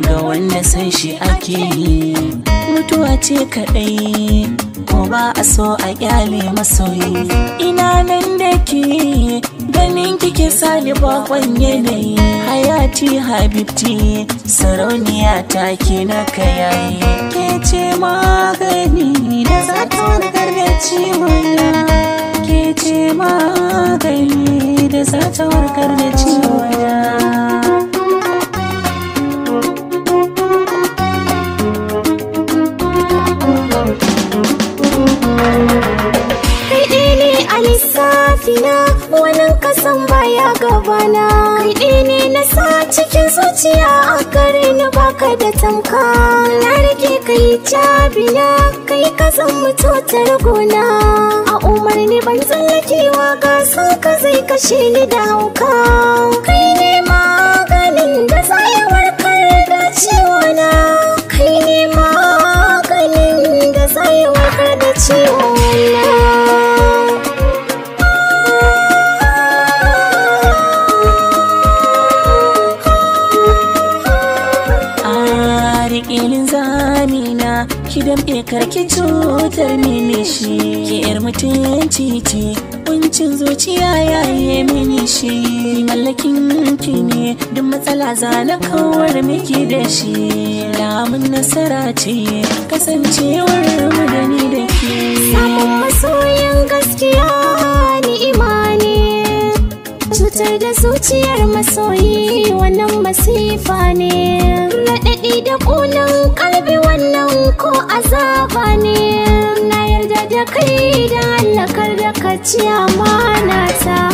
ga wanda san shi ake yi mutuwa ce kaɗai ko ba a so a kyale masoyi ina nan da ke ganin kike sani bakon yanayi hayati habibti sarauniya ta ke na kayayi ke ce magani da zata warkar ciwon ke ce magani da zata warkar da a na, wannan kasan baya gabana kai ne na sa cikin zuciya a kare na baka da tamka na rike kai jabina kai kasan mutotar gona a umarni ban tsallakewa gasa ka zai kashe ni da hauka kai ne maganin da tsayawar karga ciwona kai ne maganin da warkar da ciwona riƙe linzami na ki damƙe karki cutar mini shi ki yar mutunci ce kuncin zuciya yaye mini shi mallakin ki ne duk matsala za na kawar miki da shi lamun nasara ce kasancewar mu da ni da ke zuciyar masoyi wannan masifa ne naɗaɗi da ƙunan ƙalbi wannan ko azaba ne na yarda da kai da hallakar da kaciya ci ta